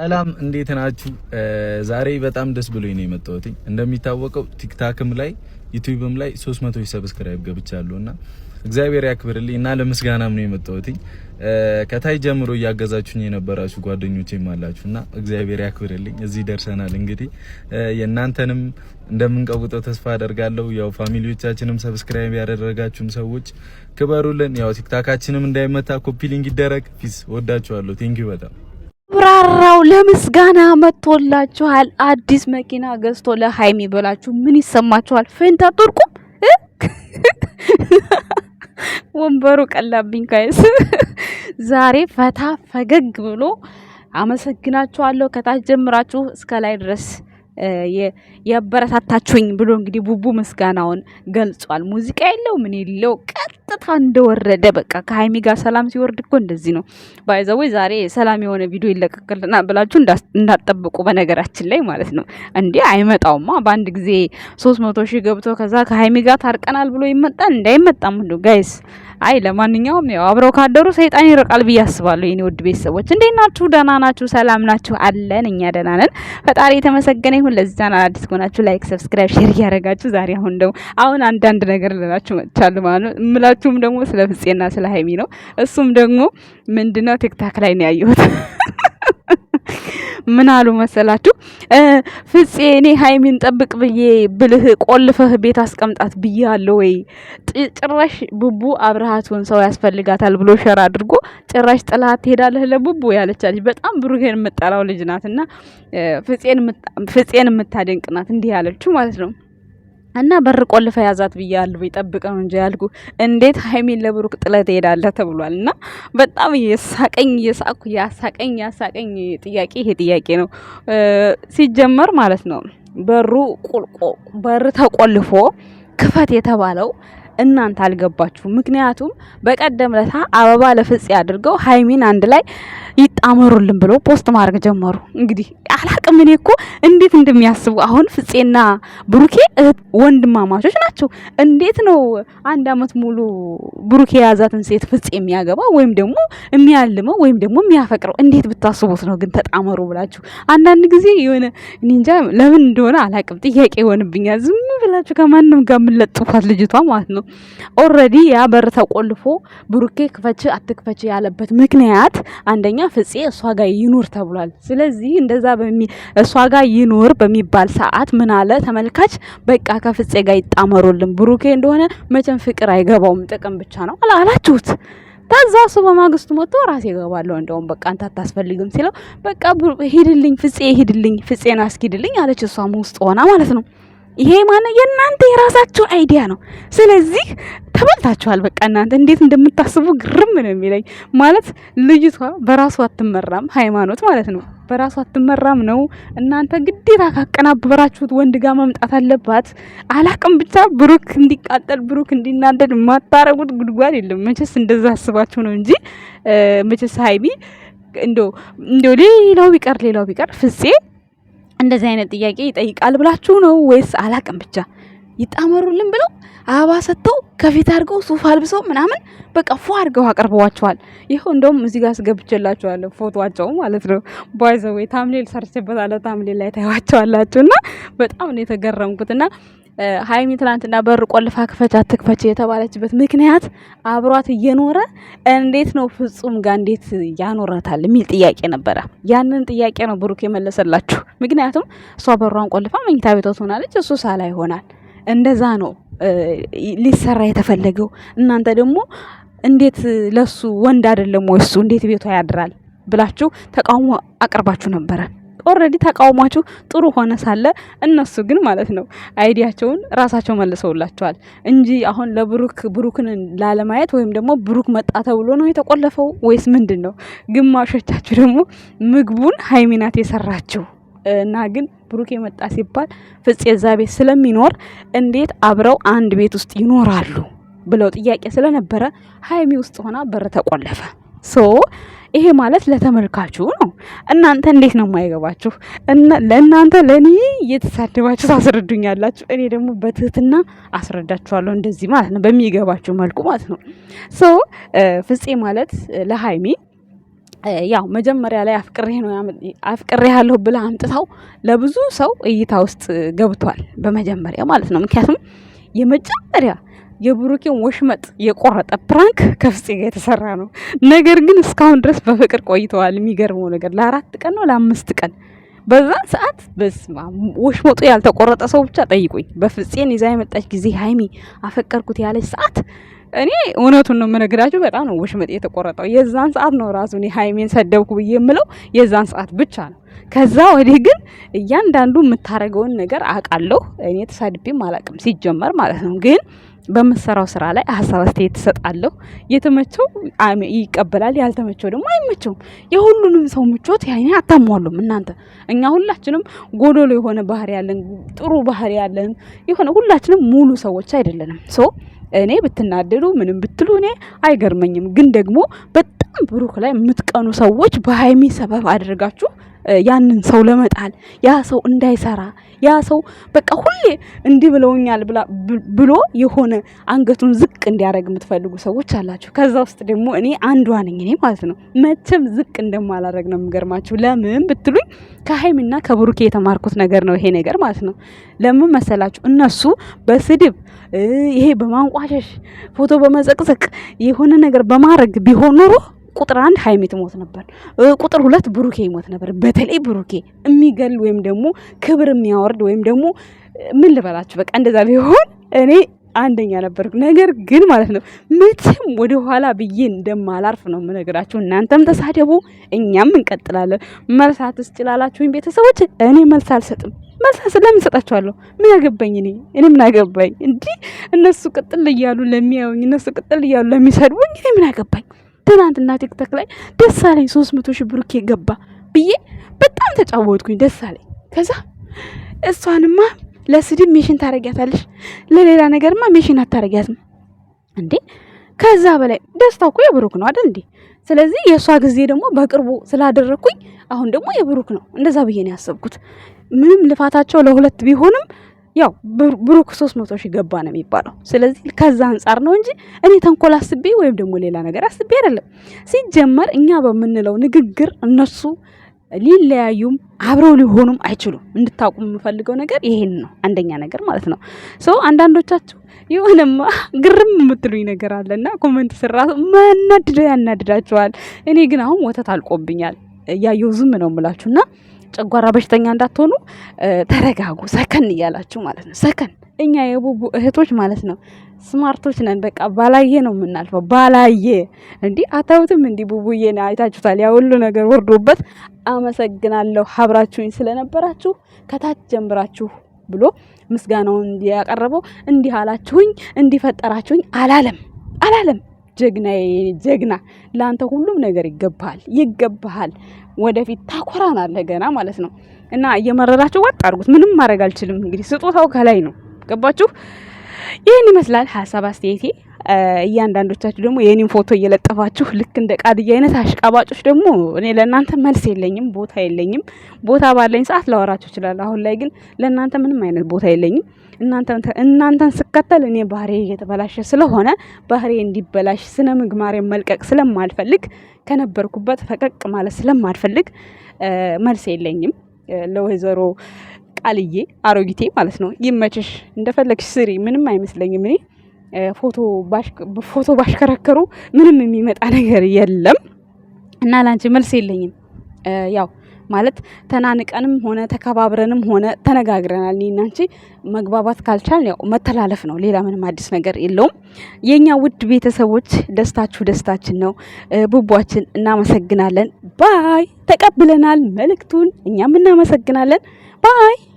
ሰላም እንዴት ናችሁ? ዛሬ በጣም ደስ ብሎኝ ነው የመጣሁት። እንደሚታወቀው ቲክታክም ላይ ዩቲዩብም ላይ 300 ሰብስክራይብ ገብቻለሁ እና እግዚአብሔር ያክብርልኝ እና ለምስጋናም ነው የመጣሁት። ከታይ ጀምሮ እያገዛችሁኝ የነበራችሁ ጓደኞቼም አላችሁ እና እግዚአብሔር ያክብርልኝ እዚህ ደርሰናል። እንግዲህ የእናንተንም እንደምንቀውጠው ተስፋ አደርጋለሁ። ያው ፋሚሊዎቻችንም ሰብስክራይብ ያደረጋችሁም ሰዎች ክበሩልን። ያው ቲክታካችንም እንዳይመታ ኮፒ ሊንክ ይደረግ። ፒስ ወዳችኋለሁ። ቴንኪዩ በጣም ብራራው ለምስጋና መጥቶላችኋል። አዲስ መኪና ገዝቶ ለሀይሚ ብላችሁ ምን ይሰማችኋል? ፈንታ ጦርቁም ወንበሩ ቀላብኝ። ካይስ ዛሬ ፈታ ፈገግ ብሎ አመሰግናችኋለሁ ከታች ጀምራችሁ እስከ ላይ ድረስ ያበረታታችሁኝ ብሎ እንግዲህ ቡቡ ምስጋናውን ገልጿል። ሙዚቃ የለው ምን የለው ቀጥታ እንደወረደ በቃ ከሀይሚ ጋር ሰላም ሲወርድ እኮ እንደዚህ ነው። ባይዘወይ ዛሬ ሰላም የሆነ ቪዲዮ ይለቀቅልና ብላችሁ እንዳትጠብቁ በነገራችን ላይ ማለት ነው። እንዲህ አይመጣውማ። በአንድ ጊዜ ሶስት መቶ ሺህ ገብቶ ከዛ ከሀይሚ ጋር ታርቀናል ብሎ ይመጣል እንዳይመጣም ሁሉ ጋይስ አይ ለማንኛውም ያው አብረው ካደሩ ሰይጣን ይርቃል ብዬ አስባለሁ። የኔ ውድ ቤተሰቦች እንዴት ናችሁ? ደህና ናችሁ? ሰላም ናችሁ? አለን እኛ ደህና ነን። ፈጣሪ የተመሰገነ ይሁን። ለዚህ ቻናል አዲስ ከሆናችሁ ላይክ፣ ሰብስክራይብ፣ ሼር እያደረጋችሁ ዛሬ አሁን ደግሞ አሁን አንዳንድ ነገር ልላችሁ መጥቻለሁ ማለት ነው። እምላችሁም ደግሞ ስለ ፍፄና ስለ ሀይሚ ነው። እሱም ደግሞ ምንድነው ቲክታክ ላይ ነው ያየሁት ምን አሉ መሰላችሁ? ፍፄ እኔ ሀይሚን ጠብቅ ብዬ ብልህ ቆልፈህ ቤት አስቀምጣት ብዬ አለ ወይ ጭራሽ ቡቡ አብርሃቱን ሰው ያስፈልጋታል ብሎ ሸራ አድርጎ ጭራሽ ጥላት ትሄዳለህ ለቡቡ ያለቻለች በጣም ብሩሄን የምጠላው ልጅ ናት እና ፍፄን የምታደንቅ ናት እንዲህ ያለችው ማለት ነው። እና በር ቆልፈ ያዛት ብዬ አሉ እንጂ ያልኩ እንዴት ሀይሚን ለብሩክ ጥለት ትሄዳለህ ተብሏል። እና በጣም የሳቀኝ የሳቁ ያሳቀኝ ያሳቀኝ ጥያቄ ይሄ ጥያቄ ነው ሲጀመር ማለት ነው። በሩ ቁልቆ በር ተቆልፎ ክፈት የተባለው እናንተ አልገባችሁ። ምክንያቱም በቀደም ለታ አበባ ለፍጽ አድርገው ሀይሚን አንድ ላይ አመሩልን ብሎ ፖስት ማድረግ ጀመሩ። እንግዲህ አላቅም እኔ እኮ እንዴት እንደሚያስቡ አሁን ፍፄና ብሩኬ ወንድማማቾች ናቸው። እንዴት ነው አንድ አመት ሙሉ ብሩኬ የያዛትን ሴት ፍፄ የሚያገባ ወይም ደግሞ የሚያልመው ወይም ደግሞ የሚያፈቅረው? እንዴት ብታስቡት ነው ግን ተጣመሩ ብላችሁ? አንዳንድ ጊዜ የሆነ እንጃ ለምን እንደሆነ አላቅም፣ ጥያቄ ይሆንብኛል። ዝም ብላችሁ ከማንም ጋር የምለጥፏት ልጅቷ ማለት ነው። ኦልሬዲ ያ በር ተቆልፎ ብሩኬ ክፈች አትክፈች ያለበት ምክንያት አንደኛ ፍፄ ፍፄ እሷ ጋር ይኑር ተብሏል። ስለዚህ እንደዛ በሚ እሷ ጋር ይኑር በሚባል ሰዓት ምን አለ ተመልካች፣ በቃ ከፍፄ ጋር ይጣመሩልን ብሩኬ እንደሆነ መቼም ፍቅር አይገባውም ጥቅም ብቻ ነው አላችሁት። ታዛ እሱ በማግስቱ መጥቶ ራሴ እገባለሁ እንደውም በቃ አንተ አታስፈልግም ሲለው በቃ ሂድልኝ ፍፄ ሂድልኝ ፍፄን አስኪድልኝ አለች እሷም ውስጥ ሆና ማለት ነው። ይሄ ማን የእናንተ የራሳችሁ አይዲያ ነው። ስለዚህ ተበልታችኋል። በቃ እናንተ እንዴት እንደምታስቡ ግርም ነው የሚለኝ። ማለት ልጅቷ በራሷ አትመራም፣ ሃይማኖት ማለት ነው በራሷ አትመራም ነው። እናንተ ግዴታ ካቀናበራችሁት ወንድ ጋር መምጣት አለባት። አላቅም ብቻ ብሩክ እንዲቃጠል ብሩክ እንዲናደድ የማታረጉት ጉድጓድ የለም። መቼስ እንደዛ አስባችሁ ነው እንጂ መቼስ ሀይሚ እንዶ ሌላው ቢቀር ሌላው ቢቀር ፍፄ እንደዚህ አይነት ጥያቄ ይጠይቃል ብላችሁ ነው ወይስ አላቅም ብቻ ይጣመሩልን ብለው አበባ ሰጥተው ከፊት አድርገው ሱፍ አልብሰው ምናምን በቃ ፎ አድርገው አቅርበዋቸዋል። ይኸው እንደውም እዚህ ጋር አስገብቼላችኋለሁ ፎቶዋቸው ማለት ነው። ባይዘዌ ታምሌል ሰርቼበታለሁ። ታምሌል ላይ ታይዋቸዋላችሁ እና በጣም ነው የተገረምኩት እና ሀይሚ ትናንትና በር ቆልፋ ክፈች አትክፈች የተባለችበት ምክንያት አብሯት እየኖረ እንዴት ነው ፍጹም ጋር እንዴት ያኖረታል የሚል ጥያቄ ነበረ። ያንን ጥያቄ ነው ብሩክ የመለሰላችሁ። ምክንያቱም እሷ በሯን ቆልፋ መኝታ ቤቷ ትሆናለች፣ እሱ ሳላ ይሆናል። እንደዛ ነው ሊሰራ የተፈለገው። እናንተ ደግሞ እንዴት ለሱ ወንድ አይደለም ወሱ እንዴት ቤቷ ያድራል ብላችሁ ተቃውሞ አቅርባችሁ ነበረ። ኦልሬዲ ተቃውሟችሁ ጥሩ ሆነ ሳለ እነሱ ግን ማለት ነው አይዲያቸውን ራሳቸው መልሰውላቸዋል እንጂ አሁን ለብሩክ ብሩክን ላለማየት ወይም ደግሞ ብሩክ መጣ ተብሎ ነው የተቆለፈው ወይስ ምንድን ነው? ግማሾቻችሁ ደግሞ ምግቡን ሀይሚ ናት የሰራችው እና ግን ብሩክ የመጣ ሲባል ፍጽ እዛ ቤት ስለሚኖር እንዴት አብረው አንድ ቤት ውስጥ ይኖራሉ ብለው ጥያቄ ስለነበረ ሀይሚ ውስጥ ሆና በር ተቆለፈ ሶ ይሄ ማለት ለተመልካቹ ነው። እናንተ እንዴት ነው የማይገባችሁ? ለእናንተ ለእኔ እየተሳደባችሁ ታስረዱኛላችሁ። እኔ ደግሞ በትህትና አስረዳችኋለሁ። እንደዚህ ማለት ነው፣ በሚገባችሁ መልኩ ማለት ነው። ሶ ፍፄ ማለት ለሀይሚ ያው መጀመሪያ ላይ አፍቅሬ ነው አፍቅሬ ያለሁ ብላ አምጥታው ለብዙ ሰው እይታ ውስጥ ገብቷል። በመጀመሪያ ማለት ነው። ምክንያቱም የመጀመሪያ የብሩኬን ወሽመጥ የቆረጠ ፕራንክ ከፍፄ ጋር የተሰራ ነው። ነገር ግን እስካሁን ድረስ በፍቅር ቆይተዋል። የሚገርመው ነገር ለአራት ቀን ነው ለአምስት ቀን በዛን ሰዓት በስማ ወሽመጡ ያልተቆረጠ ሰው ብቻ ጠይቁኝ። በፍፄን ይዛ የመጣች ጊዜ ሀይሚ አፈቀርኩት ያለች ሰዓት እኔ እውነቱን ነው የምነግራችሁ፣ በጣም ነው ወሽመጥ የተቆረጠው። የዛን ሰዓት ነው ራሱ እኔ ሀይሜን ሰደብኩ ብዬ የምለው የዛን ሰዓት ብቻ ነው። ከዛ ወዲህ ግን እያንዳንዱ የምታደርገውን ነገር አውቃለሁ። እኔ ተሳድቤም አላውቅም ሲጀመር ማለት ነው ግን በምሰራው ስራ ላይ ሀሳብ አስተያየት ትሰጣለሁ። የተመቸው ይቀበላል፣ ያልተመቸው ደግሞ አይመቸውም። የሁሉንም ሰው ምቾት ያኔ አታሟሉም እናንተ። እኛ ሁላችንም ጎዶሎ የሆነ ባህሪ ያለን፣ ጥሩ ባህሪ ያለን የሆነ ሁላችንም ሙሉ ሰዎች አይደለንም። ሶ እኔ ብትናደዱ ምንም ብትሉ እኔ አይገርመኝም። ግን ደግሞ በጣም ብሩክ ላይ የምትቀኑ ሰዎች በሀይሚ ሰበብ አድርጋችሁ ያንን ሰው ለመጣል ያ ሰው እንዳይሰራ ያ ሰው በቃ ሁሌ እንዲህ ብለውኛል ብሎ የሆነ አንገቱን ዝቅ እንዲያደርግ የምትፈልጉ ሰዎች አላችሁ። ከዛ ውስጥ ደግሞ እኔ አንዷ ነኝ። እኔ ማለት ነው መቼም ዝቅ እንደማላደርግ ነው የምገርማችሁ። ለምን ብትሉኝ ከሀይሚና ከብሩኬ የተማርኩት ነገር ነው ይሄ ነገር ማለት ነው። ለምን መሰላችሁ? እነሱ በስድብ ይሄ በማንቋሸሽ ፎቶ በመዘቅዘቅ የሆነ ነገር በማድረግ ቢሆን ኖሮ ቁጥር አንድ ሀይሜ ትሞት ነበር። ቁጥር ሁለት ብሩኬ ይሞት ነበር። በተለይ ብሩኬ የሚገል ወይም ደግሞ ክብር የሚያወርድ ወይም ደግሞ ምን ልበላችሁ በቃ እንደዛ ቢሆን እኔ አንደኛ ነበርኩ። ነገር ግን ማለት ነው መቼም ወደ ኋላ ብዬ እንደማላርፍ ነው የምነግራችሁ። እናንተም ተሳደቡ፣ እኛም እንቀጥላለን። መልስ ወይም ቤተሰቦች። እኔ መልስ አልሰጥም። መልስ ለምን ሰጣችኋለሁ? ምን ያገባኝ እኔ እኔ ምን ያገባኝ እንዲህ እነሱ ቅጥል እያሉ ለሚያዩኝ፣ እነሱ ቅጥል እያሉ ለሚሰድቡኝ እኔ ምን ያገባኝ? ትናንትና ቲክቶክ ላይ ደስ አለኝ ሶስት መቶ ሺህ ብሩኬ ገባ ብዬ በጣም ተጫወትኩኝ። ደስ አለኝ። ከዛ እሷንማ ለስድብ ሜሽን ታረጊያታለሽ፣ ለሌላ ነገርማ ሜሽን አታረጊያትም እንዴ። ከዛ በላይ ደስታው እኮ የብሩክ ነው አይደል እንዴ? ስለዚህ የእሷ ጊዜ ደግሞ በቅርቡ ስላደረግኩኝ አሁን ደግሞ የብሩክ ነው። እንደዛ ብዬ ነው ያሰብኩት። ምንም ልፋታቸው ለሁለት ቢሆንም ያው ብሩክ ሶስት መቶ ሺህ ገባ ነው የሚባለው። ስለዚህ ከዛ አንጻር ነው እንጂ እኔ ተንኮል አስቤ ወይም ደግሞ ሌላ ነገር አስቤ አይደለም። ሲጀመር እኛ በምንለው ንግግር እነሱ ሊለያዩም አብረው ሊሆኑም አይችሉም። እንድታውቁ የምፈልገው ነገር ይሄን ነው። አንደኛ ነገር ማለት ነው ሰው አንዳንዶቻችሁ የሆነማ ግርም የምትሉኝ ነገር አለና ኮመንት ስራ መናድደው ያናድዳችኋል። እኔ ግን አሁን ወተት አልቆብኛል እያየሁ ዝም ነው የምላችሁና ጨጓራ በሽተኛ እንዳትሆኑ ተረጋጉ፣ ሰከን እያላችሁ ማለት ነው። ሰከን እኛ የቡቡ እህቶች ማለት ነው ስማርቶች ነን። በቃ ባላየ ነው የምናልፈው። ባላየ እንዲህ አታዩትም? እንዲህ ቡቡዬ አይታችሁታል። ያ ሁሉ ነገር ወርዶበት አመሰግናለሁ ሀብራችሁኝ ስለነበራችሁ ከታች ጀምራችሁ ብሎ ምስጋናውን እንዲያቀረበው እንዲህ አላችሁኝ እንዲፈጠራችሁኝ አላለም አላለም። ጀግና ጀግና፣ ለአንተ ሁሉም ነገር ይገባሃል ይገባሃል። ወደፊት ታኮራናለህ ገና ማለት ነው። እና እየመረራችሁ ወጥ አድርጉት። ምንም ማድረግ አልችልም። እንግዲህ ስጦታው ከላይ ነው። ገባችሁ? ይህን ይመስላል ሀሳብ አስተያየቴ። እያንዳንዶቻችሁ ደግሞ የኔን ፎቶ እየለጠፋችሁ ልክ እንደ ቃድዬ አይነት አሽቃባጮች ደግሞ እኔ ለእናንተ መልስ የለኝም፣ ቦታ የለኝም። ቦታ ባለኝ ሰዓት ላወራችሁ እችላለሁ። አሁን ላይ ግን ለእናንተ ምንም አይነት ቦታ የለኝም። እናንተን ስከተል እኔ ባህሬ እየተበላሸ ስለሆነ ባህሬ እንዲበላሽ ስነ ምግባሬን መልቀቅ ስለማልፈልግ ከነበርኩበት ፈቀቅ ማለት ስለማልፈልግ መልስ የለኝም ለወይዘሮ ቃልዬ አሮጊቴ ማለት ነው። ይመችሽ፣ እንደፈለግሽ ስሪ፣ ምንም አይመስለኝም። እኔ ፎቶ ባሽከረከሩ ምንም የሚመጣ ነገር የለም እና ላንቺ መልስ የለኝም። ያው ማለት ተናንቀንም ሆነ ተከባብረንም ሆነ ተነጋግረናል። እኔና አንቺ መግባባት ካልቻል ያው መተላለፍ ነው፣ ሌላ ምንም አዲስ ነገር የለውም። የእኛ ውድ ቤተሰቦች ደስታችሁ ደስታችን ነው። ቡቧችን እናመሰግናለን። ባይ ተቀብለናል መልእክቱን፣ እኛም እናመሰግናለን። Bye.